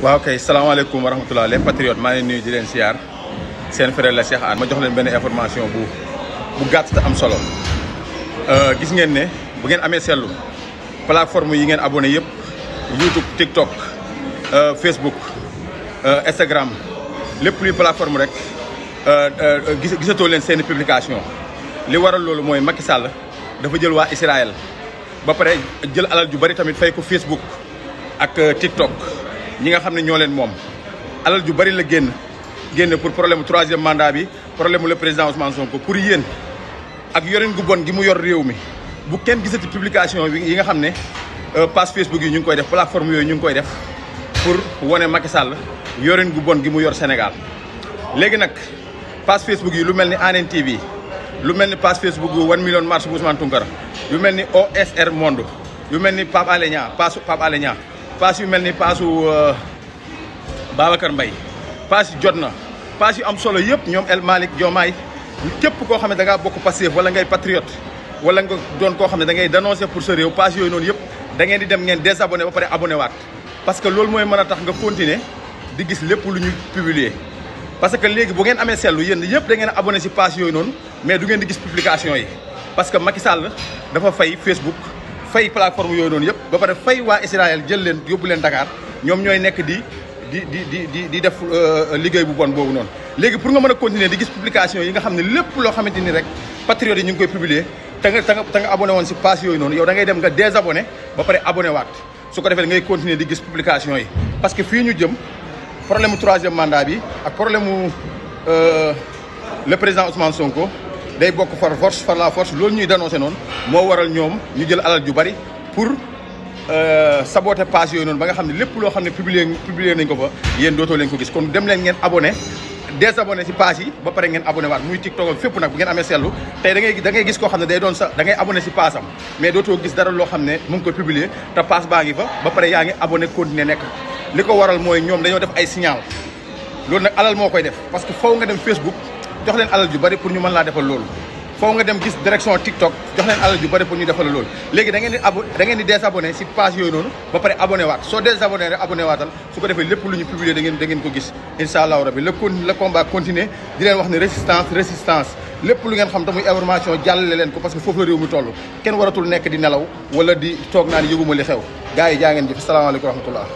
waaw kay salaamaaleykum wa rahmatulah les patriotes maa ngi nuyu di leen siyaar seen frère la Cheikh Anne ma jox leen benn information bu gàtt am solo euh, gis ngeen ne bu ngeen amee seetlu plateforme yi ngeen abonné yëpp YouTube TikTok euh, Facebook euh, Instagram lépp luy plateforme rek gis gisatoo leen seeni publication li waral loolu mooy Macky Sall dafa jël waa Israël ba pare jël alal ju bari tamit fay ko Facebook ak TikTok. ñi nga xam ne ñoo leen moom alal ju bari la génn génn pour problème troisième mandat bi problème le président Ousmane Sonko pour yéen ak yorin gu bon gi mu yor réew mi bu kenn gisati publication bi yi nga xam ne euh, page Facebook yi ñu ngi koy def plateforme yooyu ñu ngi koy def pour wone Macky Sall yorin gu bon gi mu yor Sénégal léegi nag page Facebook yi lu mel ni ANN TV lu mel ni page Facebook yu 1 million marche bu Ousmane Tounkara yu mel ni OSR Monde yu mel ni Pape Alé Niang page paas yu mel ni paasu euh, Babacar mbay paas yi jot na paas yu am solo yëpp ñoom El Malick Diomaye képp koo xam ne da bokk Pastef wala ngay patriote wala nga doon koo xam ne da ngay dénoncer pour sa réew paas yooyu noonu yëpp da ngeen di dem ngeen désabonné ba pare abonné parce que loolu mooy mën a tax nga continuer di gis lépp lu ñu publier parce que léegi bu ngeen amee seetlu yéen yëpp da ngeen abonné si paas yooyu noonu mais du ngeen di gis publication yi parce que Macky Sall dafa fay Facebook fay plateforme yooyu noonu yëpp ba pare fay waa Israël jël leen yóbbu leen Dakar ñoom ñooy nekk di di di di di di def euh, liggéey bu bon boobu noonu. léegi pour nga mën a continuer di gis publication yi nga xam ne lépp loo xamante ni rek patriotes yi ñu ngi koy publier te nga te woon si page yooyu noonu yow da ngay dem nga désabonné ba pare abonné waat su ko defee ngay continuer di gis publication yi. parce que fii ñu jëm problème mu troisième mandat bi ak problème mu euh, le président Ousmane Sonko. day bok for force for la force loolu ñuy dénoncé non mo waral ñom ñu jël alal ju bari pour euh, saboter page yoy non ba nga xamni lepp lo xamni publier publier nañ ko fa yeen doto leen ko gis kon dem leen ngeen abonné désabonné si page yi ba paré ngeen abonné waat muy TikTok ak fepp nak bu ngeen amé sellu tay da ngay da ngay gis ko xam day doon sa da ngay abonné si page am mais doto gis dara lo xam mu ngi ko publier ta page ba nga fa ba paré ya ngi abonné continuer nek liko waral moy ñom dañu def ay signal lool nak alal mo koy def parce que faw nga dem Facebook jox leen alal ju bari pour ñu mën laa defal loolu foo nga dem gis direction TikTok jox leen alal ju bari pour ñu defal loolu léegi da ngeen di abo da ngeen di désabonné si page yooyu noonu ba pare abonné waat soo désabonné rek abonné waatal su ko defee lépp lu ñu publier da ngeen ko gis incha allahu rabi le combat continuer di leen wax ne résistance résistance lépp lu ngeen xam te information jàllale leen parce que foofu la réew mi toll kenn waratul nekk di nelaw wala di toog naan yëguma li xew gars yi ngeen jëf salaamaaleykum